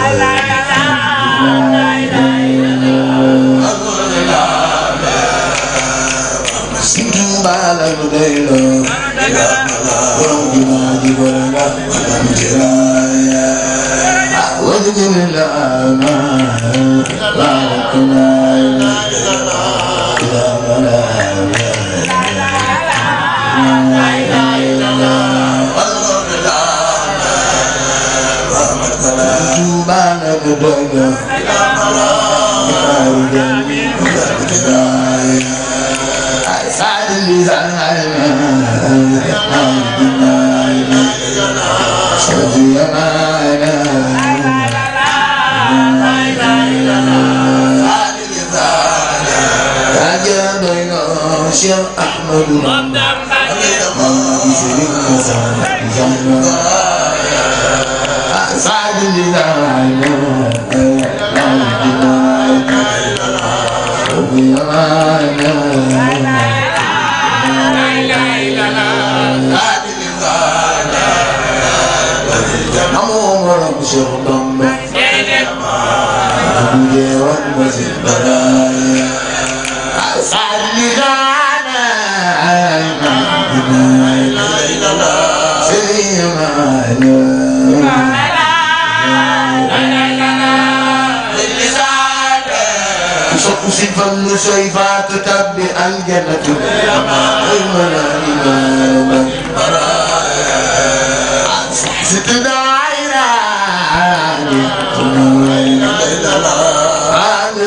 来来。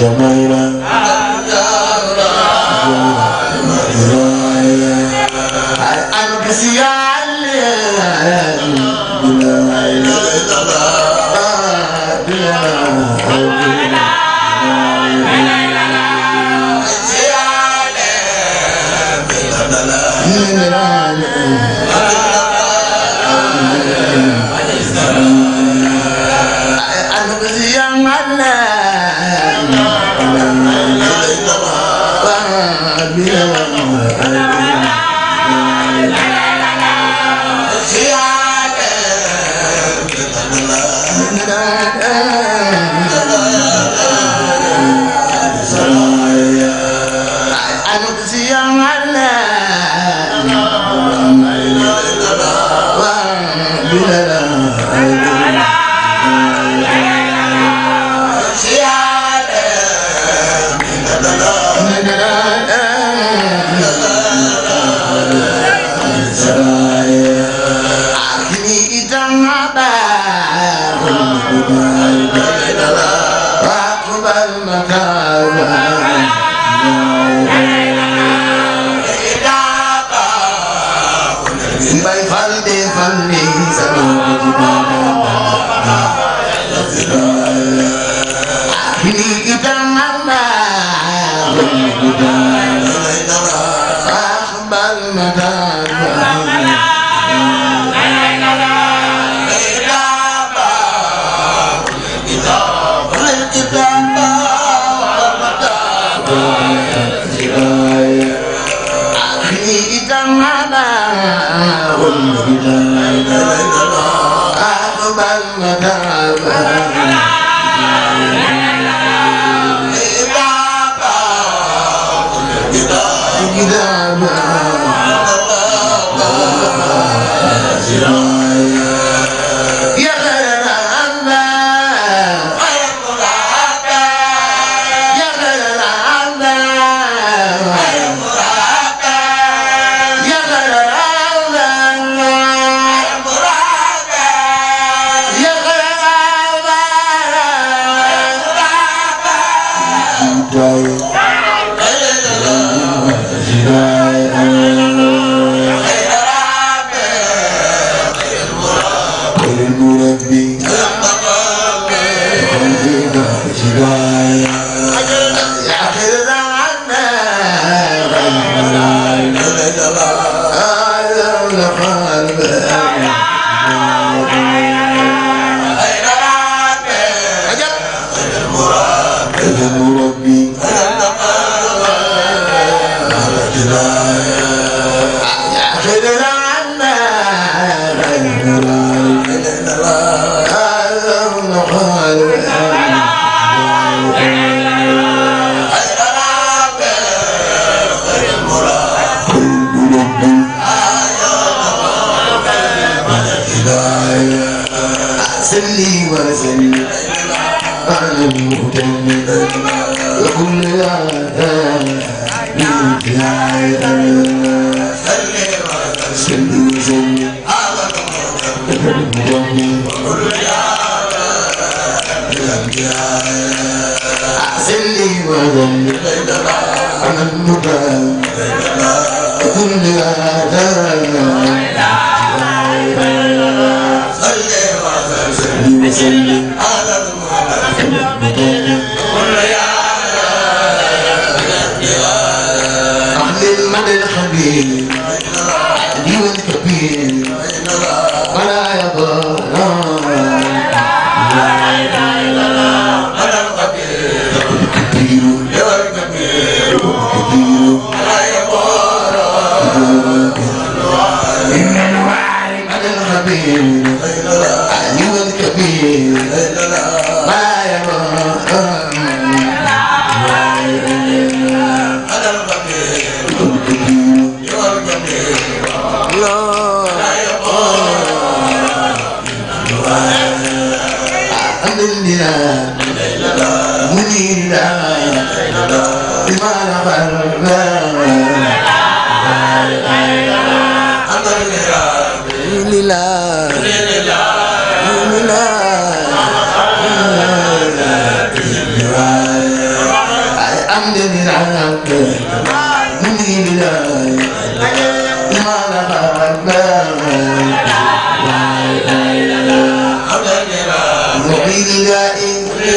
Jamaica. Yeah.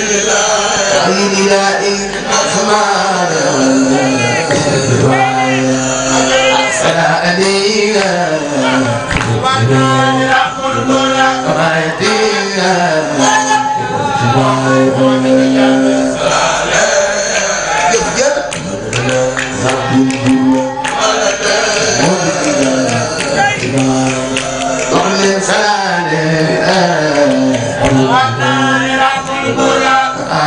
Oh, my God.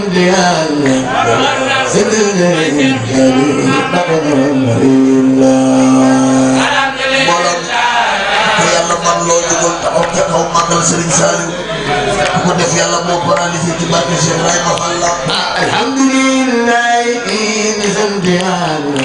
Serigne Saliou bu ko def yàlla moo paralysé ci barke Cheikh Ibrahima Fall alhamdulillah ni sant yàlla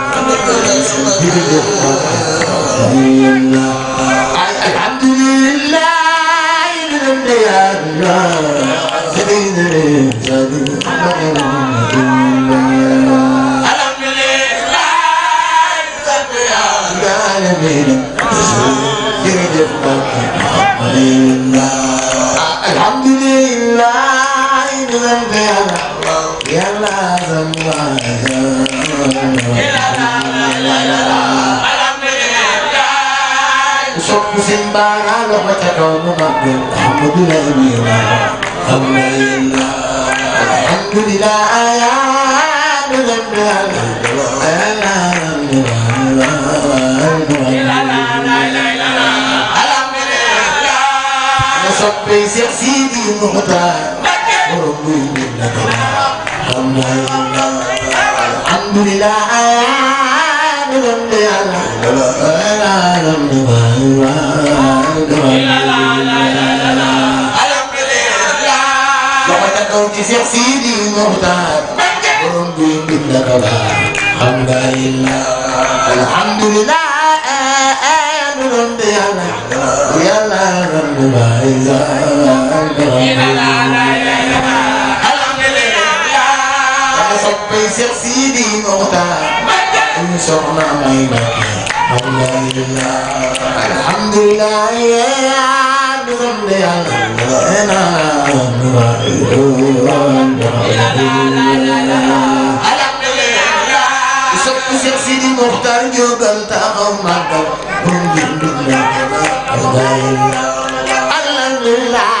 Alhamdulillah وتدعو مبدع الحمد لله الحمد لله يا صبي سيدي مهتار وربي منك الحمد لله الحمد لله Cheikh Sidi Muxtaar borom bi bind ka ba xam nga illa alhamdulillah nu doon de yàlla yàlla ram bu ba illa alhamdulillah dama soppay Cheikh Sidi Muxtaar soxna may Mbakke alhamdulilah alhamdulilah yaa di sant yàlla nee naa soppi Seex Sidi Moxtaar jógal taxaw màggal pour ngir dund alhamdulilah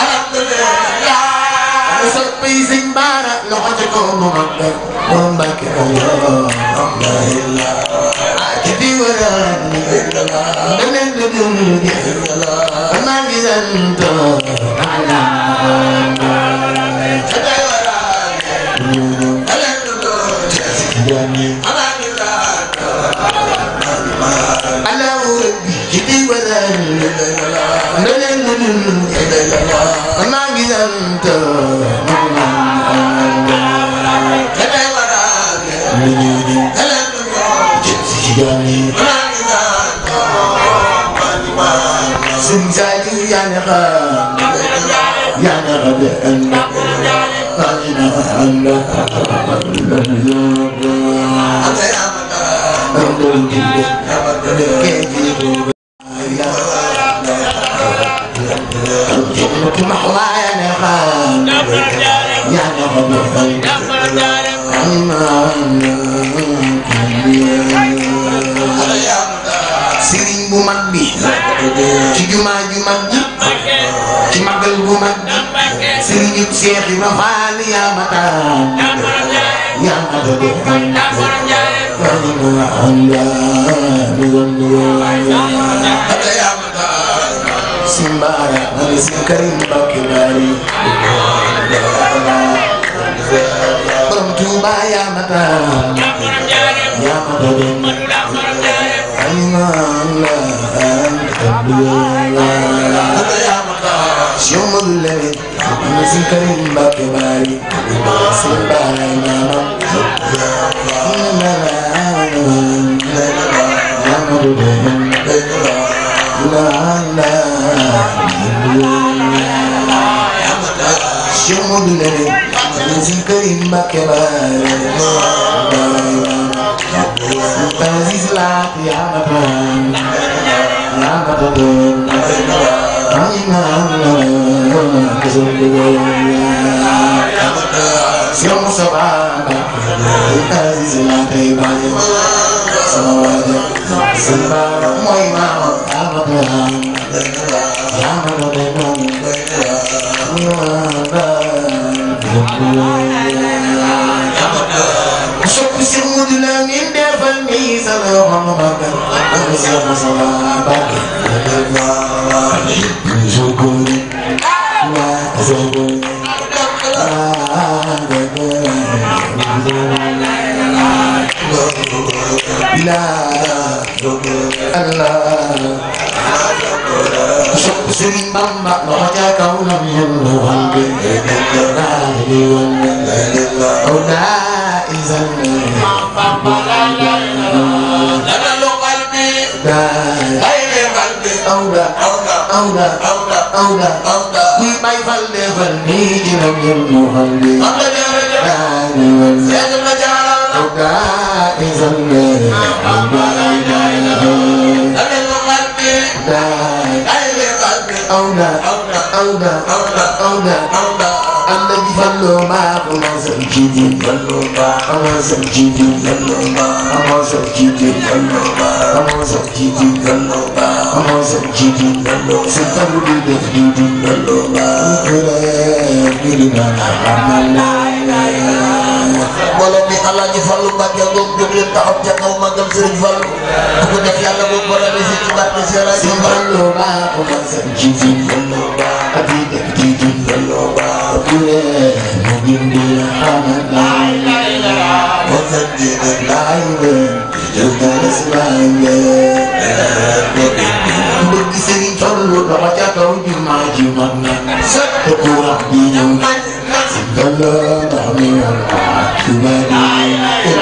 soppe yi sëñ baara loxo ca kaw mu mag ba moom mbàkke allah la ilaha ci di waran da leen di dum di maa ngi sant ala Thank you. leneen lu dul édéla maa ngi sant moom lañ édéla daal lu ñu di élél lu ñu jëm si ci doom yi maa ngi sant man man suñ saa yi yaa ne xam yaa ne xam de ànd maa ngi na ànd la min defal nii sa la Babacar ak sama sama Babacar waa sokone waa sokone Bilal Allah sụp sinh băm bạc nó cha cấu lòng nhân hoàng kinh để đừng đợi ra đi ôn đợi đừng đợi Oh no, oh no, oh no, oh no, oh no. annabi fallo ma kuma sarki din fallo ma kuma sarki din fallo ma kuma sarki din fallo ma kuma sarki din fallo ma kuma sarki din fallo sai tabu da dafdi din fallo ma kula mirina amal la ilaha illa allah wala bi allah ni fallo ak jago jóg leen taxaw ca kaw màggal sëriñ Fallu ku ko def yàlla boo borom si ci barke Sëriñ Fallu Fallu ba ko xam sa ci ci Fallu ba ati def ci ci Fallu ba ku ne mu gindi xamal وسجد العين جبنا اسمعين بك سري طلو درجة وجمع جمعنا سبت ربي يوم سبت الله نعمي والعاقبة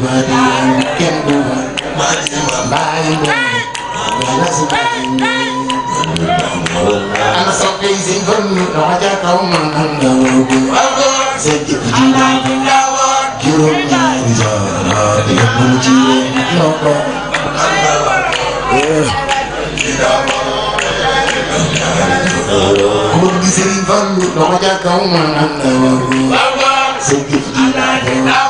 Everybody in the kingdom, everybody in the أنا صبي زين راجع قوم من دوبي زكي أنا بالدوار كيوم جارا يبون جيل نوبا كل زين فلو راجع قوم من دوبي زكي أنا بالدوار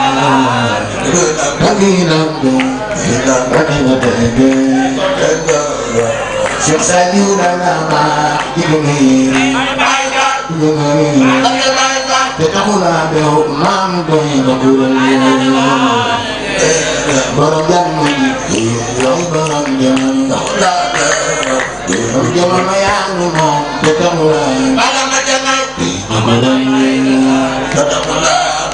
Bagi lambu Bagi ngadege Sik sayu nama Ibungi Ibungi Tetakula behu mamdu Bakulani Barang jamu Barang jamu Barang jamu Mayanu Tetakula Barang jamu Amalan Tetakula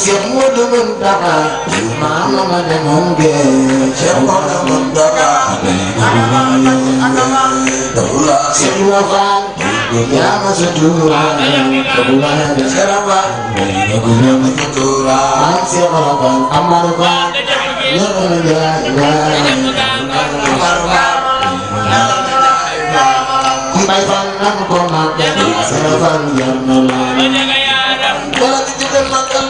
siamudu bentara mana mana mungge mana mana Dula silakan Dunia ada yang nolah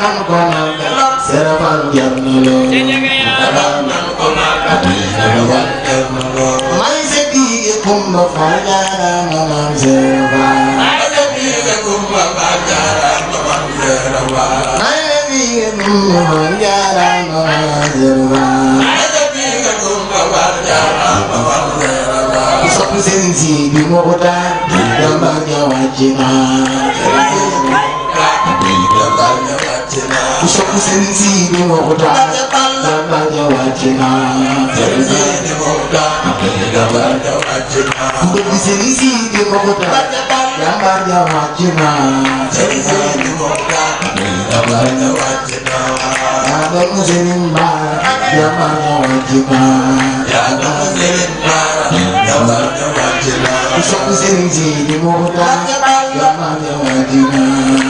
nan ko màggal Sëriñ Fall Njarna Lo dalal nan ko màggal Sëriñ Fall Njarna Lo may sa kii kumba Fall jaaraama maam Sëriñ Fall may sa kii kumba Fall jaaraama maam Sëriñ Fall may sa kii kumba Fall jaaraama maam Sëriñ Fall may sa kii kumba Fall jaaraama maam Sëriñ Fall sopp seen si bi mu ko taal dama ñëwaat ci naa sëriñ si ni Mokhtar Bamba ja wàcc naa. sëriñ si ni Mokhtar Bamba ja wàcc naa. mbokk sëriñ si ni Mokhtar Bamba ja wàcc naa. sëriñ si ni Mokhtar Bamba ja wàcc naa. yaa doon sëriñ Bara Bamba ja wàcc naa. yaa doon sëriñ Bara Bamba ja wàcc naa. sopp sëriñ si ni Mokhtar Bamba ja wàcc naa.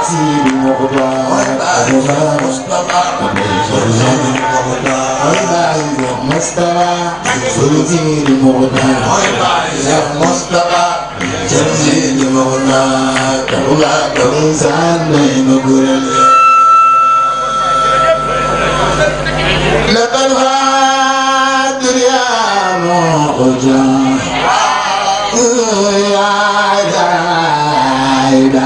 عزيز مقدار وما مصطفى والبعيد مصطفى تنزيل مقدار يا مصطفى تنزيل مقدار كما كنزان نعم قرن لقد هادر يا مقدار يا عدار Allah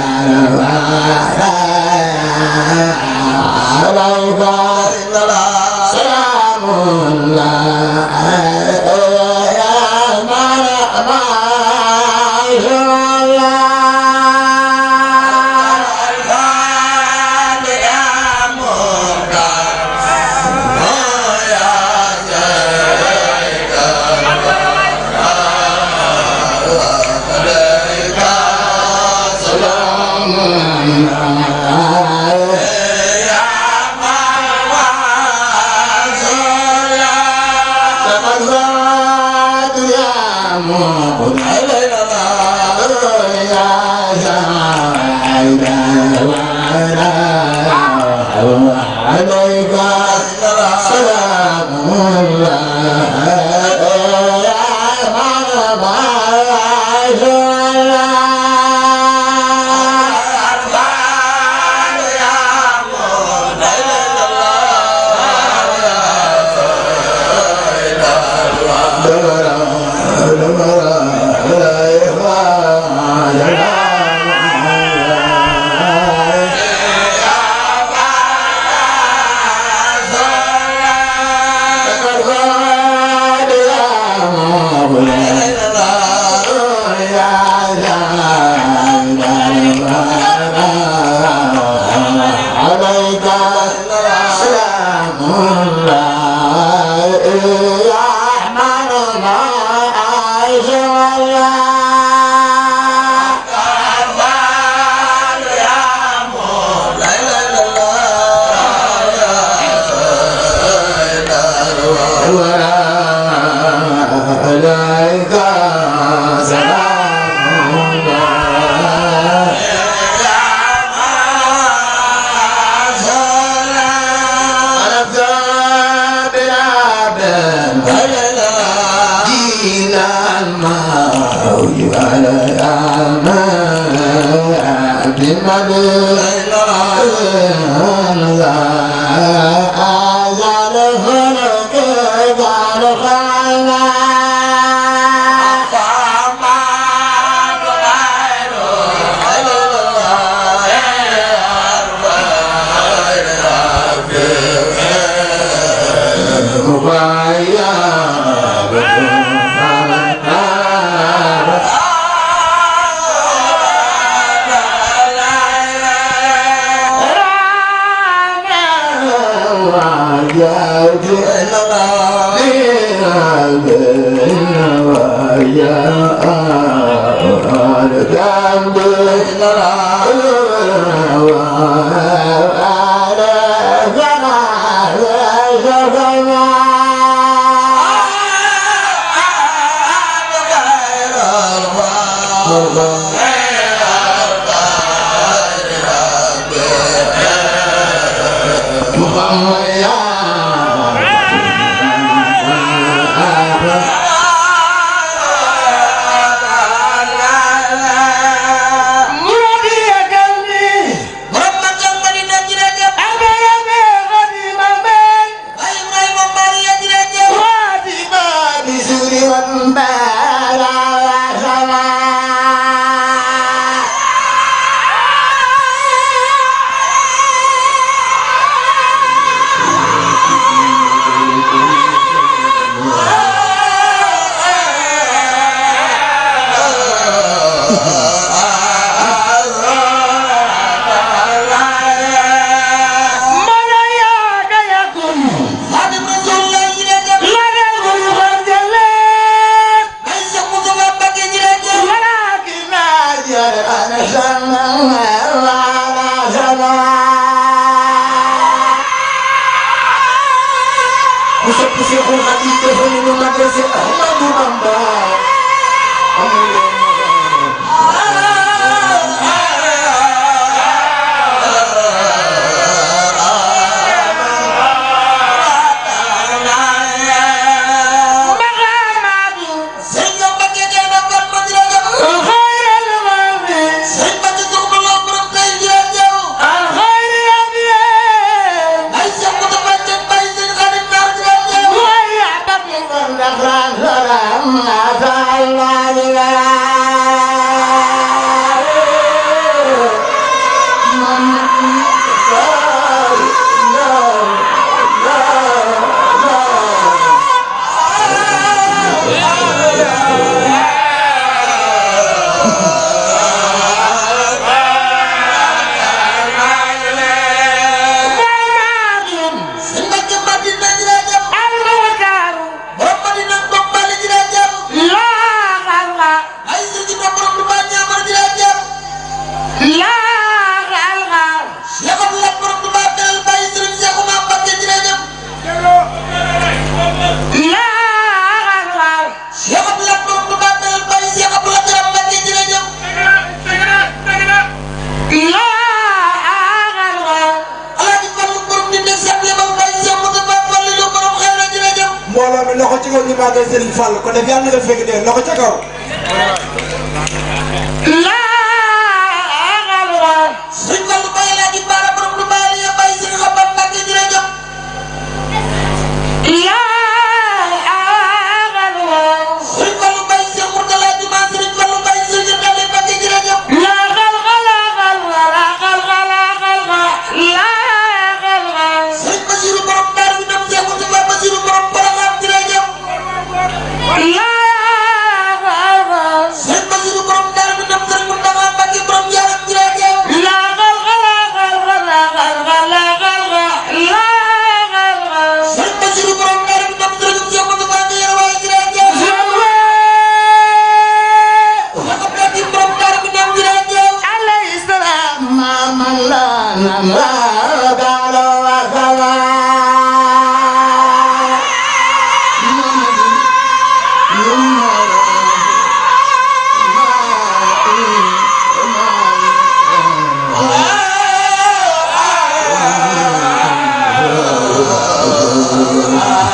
Hallelujah.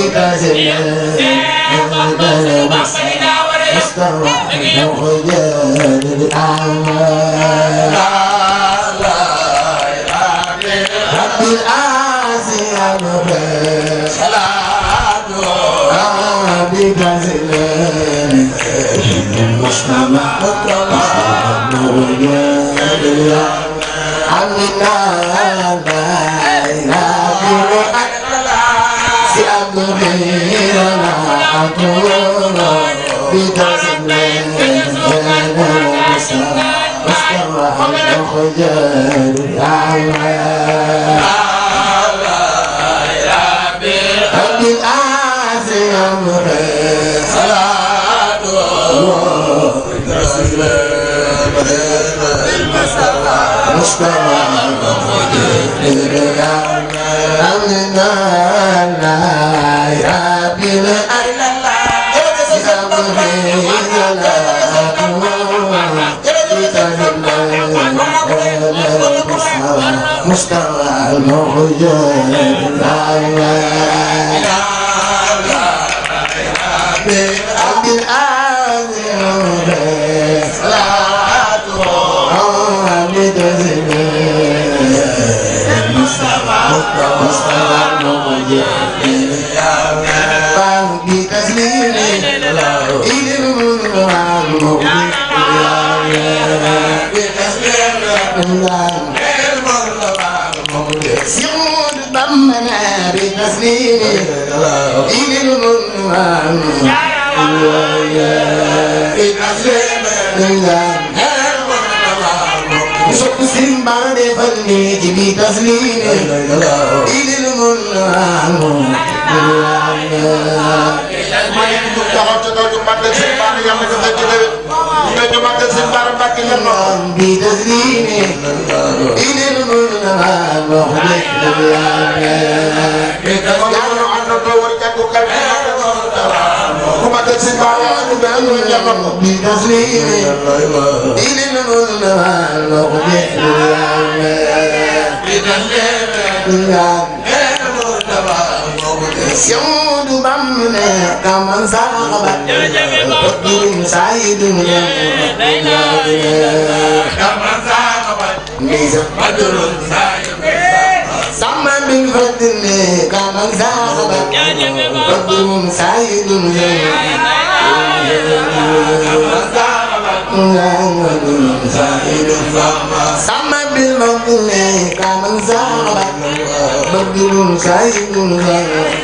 Because it is. استوى وجال الأعمى رب الآسيا مبين صلاة بكازلين المجتمع استوى وجال الأعمى عمنا باينا بدار من استوى الخجل يا الله يا مستوى الموجود لا لا لا لا الإمام سعود ضمنا بتسليمه إلى المنعم بتسليم الإمام مسلم بعد فنيك بتسليمه إلى المنعم بتسليم الإمام nga ñu màggal seen Bara Mbàkke nga noonu bi taslimi ilal mulk muhmid bi taslimi anna tawar jàkku kan ku màggal seen Bara Mbàkke nga noonu bi taslimi ilal mulk muhmid bi taslimi يعود بمنا كما زغبت قدر سعيد لا اله الا الله كما زغبت بدر سعيد سما من فضل كما زغبت قدر سعيد لا اله الا الله سما بالمقل كمن زغبت بدر سعيد لا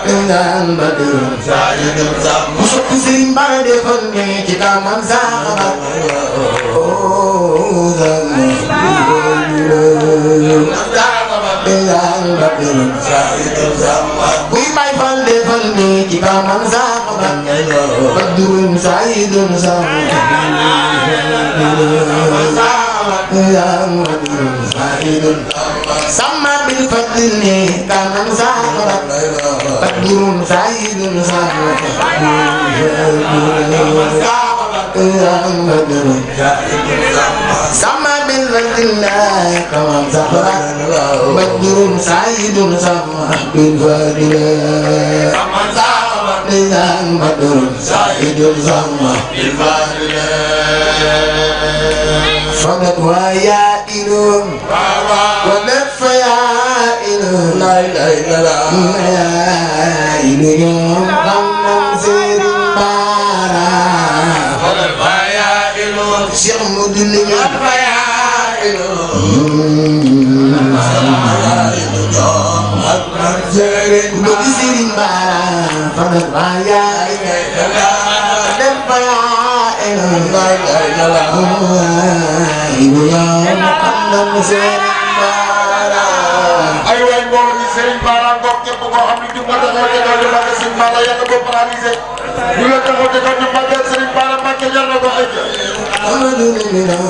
sak nan ba đường ra đường dập múc xin ba đưa phân ngày ta mang ra ba ô dần Quý bay phân để phân nghề chỉ ta mang ra có bằng ngày lỡ Bất đường trái đường dòng أعمد يا أمد زائد سمى بالفتن كان زاهرا بدر زائد زاهرا يا أمد سمى بالفتن كان زاهرا بدر زائد زاهرا بالفاتن يا أمد زائد زاهرا بالفاتن فقد ويا إله ونف يا إله لا إله إلا الله يا إله يوم غنم زير بارا فقد ويا إله شيخ مدن ونف يا إله Serin, serin barang, panas raya, panas raya. لا إله إلا الله يا محمد سيرنا ay waay mbooloo mi Serigne Bara Ngom képp koo xam ne jub nga taxaw jëkkal ñu màggal Serigne Bara yàlla boo paralysé ñu la taxaw jëkkal ñu màggal Serigne Bara Mbacke yàlla ko ay jël. alhamdulilah.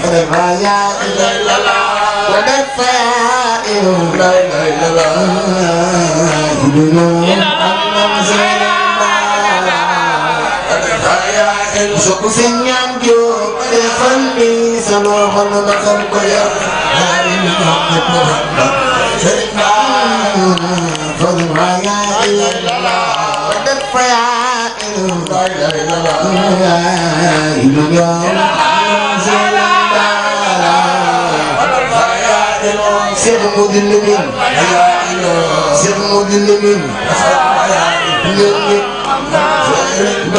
vraiment yaa ilay lala. wa def fa yaa ilay lala. alhamdulilah. am na Serigne Bara. sukk si ñaan joo defal lii sa loxo la ba xam ko yor yaa ngi ñu ñoom ñëpp ñu xam la sëriñ Ba fadil ma yaa illallah ba def fa yaa illallah yaa illallah Seyd Mouhidine Lamine Seyd Mouhidine Lamine ñoom ñëpp ba Serigne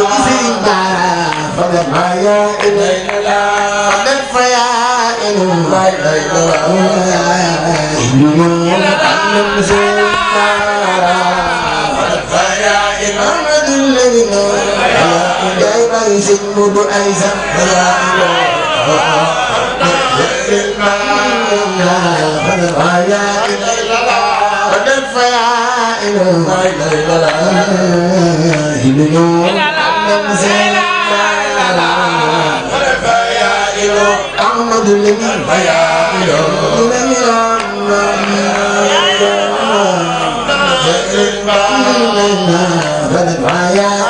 Ba قدر ما يا إلينا قدر فيا إلينا إلينا أن نزل نارا قدر فيا إمامة الذين دائما يسلم بأيزا فلا قدر فيا إلينا إلينا إلينا أن نزل أحمد لمن حياله لمن يا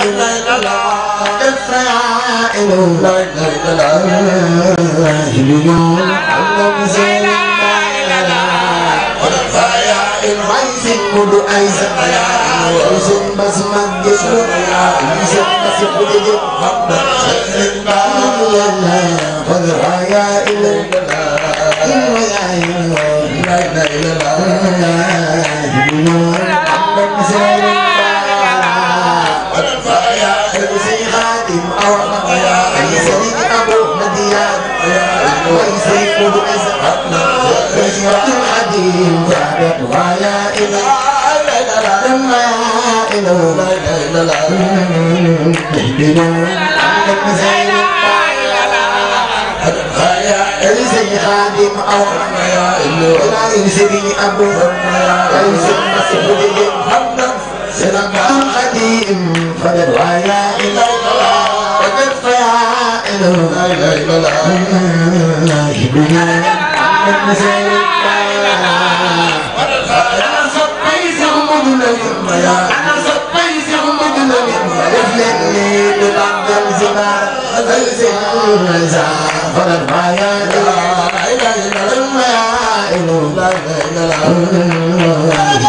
الله Modou Aïssa yow sëñ Bass màgg yow sëñ Bass bu dëgër sëñ Bass yàlla wal hayaa ila il wayaa ila la ila ila la ila ila ila ila نسوة الحديد وعدت ولا إله لما إلى تهدنا عندك زين يا عزي خادم أو يا عزي أبو يا عزي مسعود محمد سلام قديم فدر ويا إلى الله فدر فيا إلى الله من سيدنا أنا صبي سهم من الميا أنا صبي سهم من الميا رفلني ببعض الزمان زلزل زعفر الميا لا إله إلا الميا إلا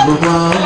الله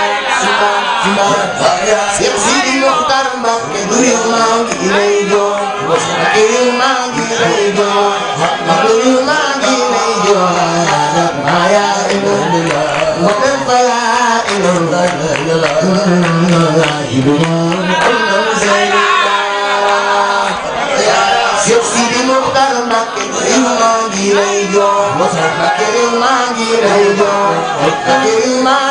Seex Sidi Muxtaar Mbàkke du réew maa ngi lay jooy du réew maa ngi lay jooy du réew maa ngi lay jooy maa yaa ilallah wa tanfa yaa ilallah Seex Sidi Muxtaar Mbàkke du réew maa ngi lay jooy du réew maa ngi lay jooy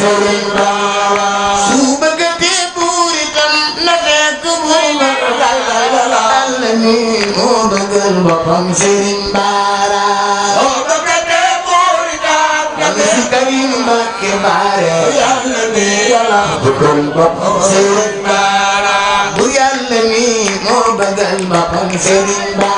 sëriñ Baba su bëggatee buur itam na fekk buur ba lalal la mi moo bëggal boppam sëriñ Bara soo bëggatee buur itam na fekk Karim Mbakke Bare yàlla mi yàlla bëggal boppam sëriñ Bara bu yàlla mi moo bëggal boppam sëriñ Bara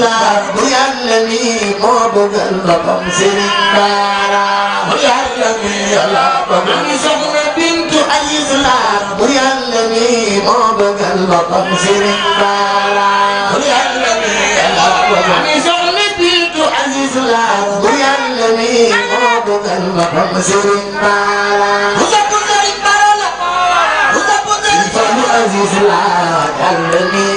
laab yàlla mi moo bëggal boppam Sëriñ Bara yàlla mi yàlla bëggal mi soxna bintu Aziz laab yàlla mi moo bëggal boppam Sëriñ Bara yàlla mi yàlla bëggal mi soxna bintu Aziz laab yàlla mi moo bëggal boppam Sëriñ Bara Aziz laab yàlla mi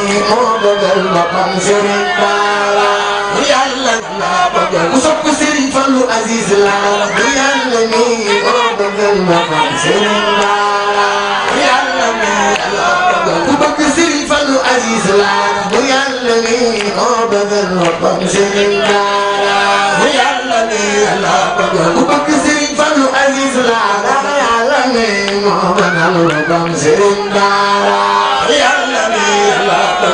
bëggal boppam Serigne Bara bu yàlla laa bëggal ku sopp Serigne Fallou Aziz laa bu yàlla nii oo bëggal boppam Serigne Bara bu yàlla nii laa bëggal ku bëgg Serigne Fallou Aziz laa bu yàlla nii oo bëggal boppam Serigne Bara bu yàlla nii laa bëggal ku bëgg Serigne Fallou Aziz laa bu yàlla nii moo bëggal boppam Serigne Bara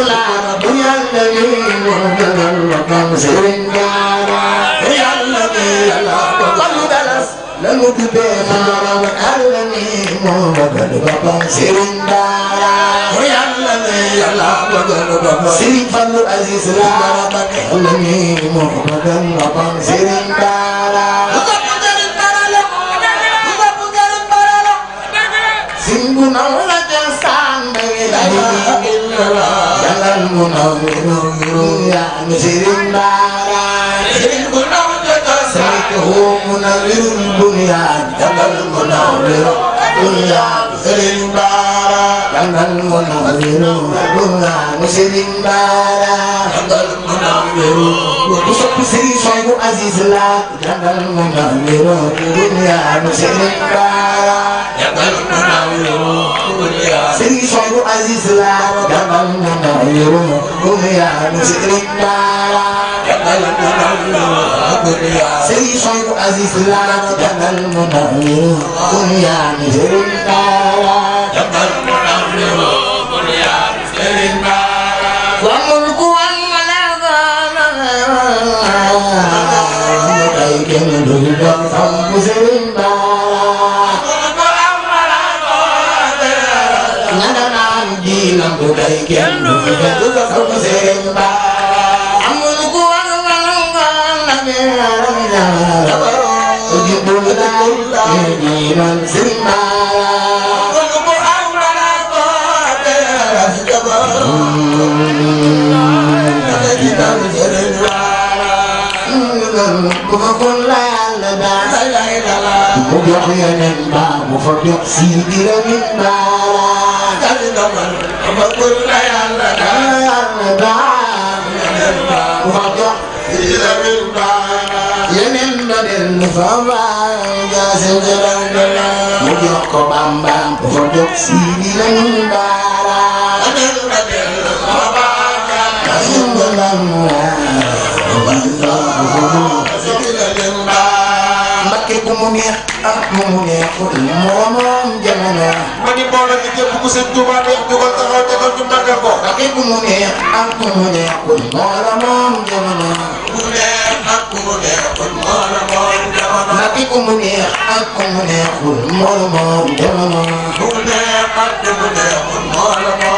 الإسلام ويا الذي مهدد الوطن سرين دارا ويا الذي قلد الأس للود بينارا ويا الذي مهدد الوطن سرين دارا ويا الذي مهدد الوطن سرين فن الإسلام ويا الذي مهدد الوطن سرين دارا Singuna raja sang dari dari المنور مثل الناران سمكه منور البنيان كما المنور بنيان مثل الناران كما المنور قلنا مسلم بارا كما المنور وقصد سري صعب عزيز لا كما المنور قلنا مسلم بارا كما المنور سري صعب عزيز لا كما المنور قلنا مسلم بارا كما المنور سري صعب عزيز لا كما المنور قلنا مسلم بارا ku ma kun la yàlla daal la lay dalal ku ko jox yeneen ba mu fa jox sii di ramin baala kasi dogal ku ma kun la yàlla daal mu fa jox sii di ramin baala yeneen ba denn fa baal kasi dogal mu jox ko bamba mu fa jox sii di ramin baala yeneen ba denn fa baal kasi dogal Mbakke bu mu neex ak bu mu neexul moo moom jamono. ma ni mbooloo mi képp ku sëñ Tuubaa neex jógal taxaw jógal ñu màggal ko. Mbakke bu mu neex ak bu mu neexul moo la moom jamono. bu neex ak bu mu neexul moo la moom jamono. Mbakke bu mu neex ak bu mu neexul moo la moom jamono. bu neex ak bu mu neexul moo la moom.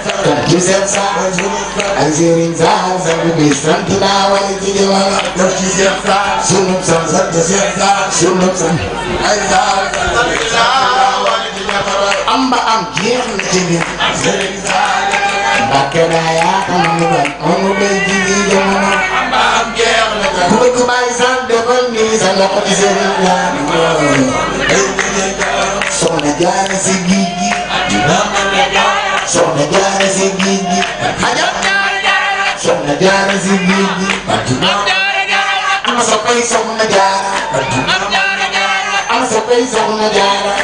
ci seen saal ak sëriñ saal sant bi sant naa wala ci jëmala def ci seen saal sunu sant sant seen saal sunu sant ay saal am ba am jeex na ci biir sëriñ saal Mbàkke daa yaaka ma nu ban onu bay ji ji jamono am ba am jeex na ca ku bëgg bàyyi sant defal nii sa loxo ci sëriñ saal soxna jaara si gii gi soxna jaara si géej gi. soxna jaara si géej gi. ama soppay soxna jaara. ama soppay soxna jaara.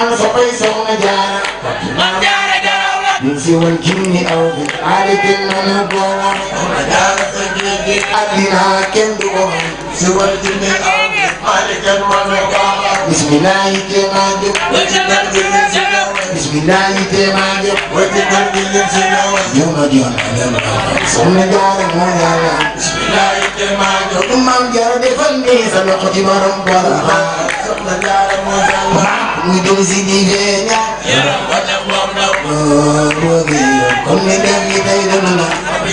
ama soppay soxna jaara. ñu si woon jinni aw bi. xaaral kenn mën a boole. soxna jaara si géej gi. addina kenn du ko. si woon jinni aw bi. xaaral kenn mën a boole. بسم الله تمام وتقدر بالجنة بسم الله تمام وتقدر بالجنة يوم جون على الأرض سمع دار مولانا بسم الله تمام أمم جرد فني سلقت مرم برها سمع دار مولانا ودوزي دي فينا يا رب وتقوم لك كل دم يدينا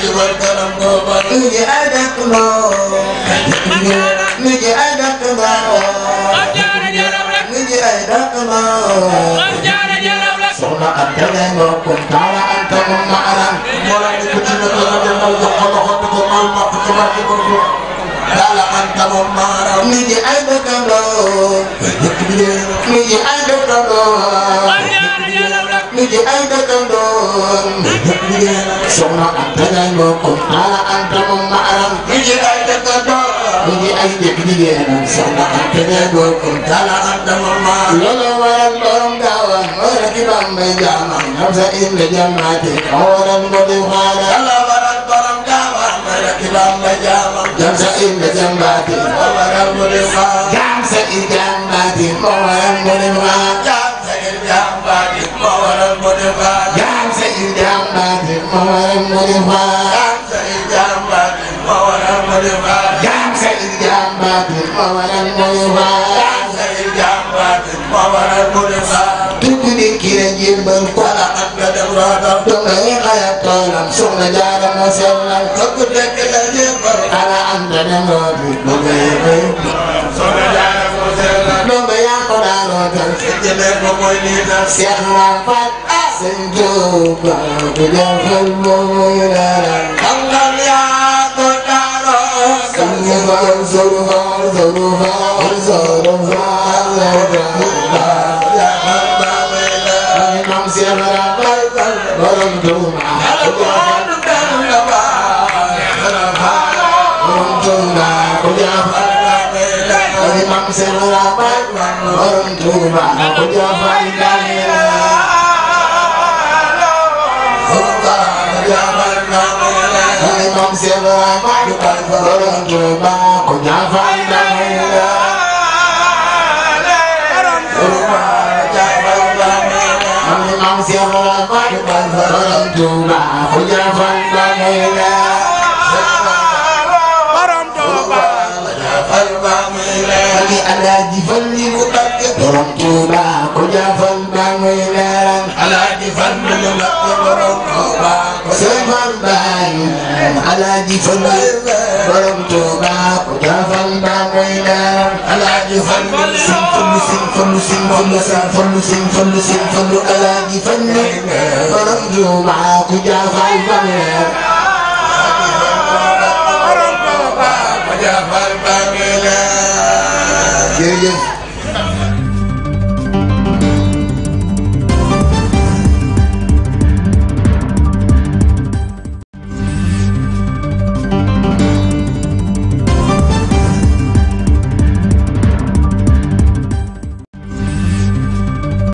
العبد والكرم بابا نجي أدقنا نجي أدقنا نجي أدقنا سونا أدقنا نوكم تعالى أنت من معنا مولاي كتير أرد الموضوع خلقتك وقال ما حكمتك تعالى أنت من معنا نجي أدقنا نجي أدقنا bi di ay dëkkandoom soxna Anta Ndiaye mbokkum Talla Anta moom ma aram bi di ay dëkkandoom bi di ay dëkk jigéenam soxna Anta Ndiaye mbokkum Talla Anta moom ma loolu waral borom gaawam wara ki bambay jaamam hamsa inde jammaate waral mbodi xaala yàlla waral borom gaawam wara ki bambay jaamam hamsa inde jammaate waral mbodi xaala jaam sa i jammaate waral mbodi xaala ma waral mu di faal. jaam sa i jaam baatin ma waral mu di faal. jaam sa i jaam baatin ma waral mu di faal. jaam sa i jaam baatin ma waral mu di faal. jaam sa i jaam baatin ma waral mu di faal. tudd di kii jimbal ko la ak nga dem rootam. dong ay xayat toolam soxna jaara ma sellal. dëgg dëgg la jimbal. ala am na dem rootam. dong ay xayat. soxna jaara thần thiết nhân em có môi đi ra sẽ là phát sinh tư và từ nhau hơn môi là không làm ya tôi đã đó sang nhân văn dấu đồ hoa dấu đồ hoa hôn dấu đồ hoa là đồ hoa là hơn ba mươi lần năm sẽ là mấy lần bao lần đủ mà hãy subscribe cho kênh Ghiền Mì Gõ Để không bỏ lỡ những video hấp dẫn seen ramat man borom Tuuba ku jafay dalila Tuuba ku jafay dalila ay mam seen ramat man borom Tuuba ku jafay dalila Tuuba ku jafay dalila ay mam seen ramat man borom Tuuba ku jafay dalila doomi alaaji Falli mu Mbàkke borom Tuuba ko jaafal maa ngi leeral alaaji Falli mu Mbàkke borom Tuuba ko jaafal maa ngi leeral alaaji Falli borom Tuuba ko jaafal maa ngi leeral alaaji Falli sin fallu sin fallu sin fallu sin fallu sin fallu sin fallu alaaji Falli borom Tuuba ko jaafal maa ngi leeral alaaji Falli borom Tuuba ko jaafal chega.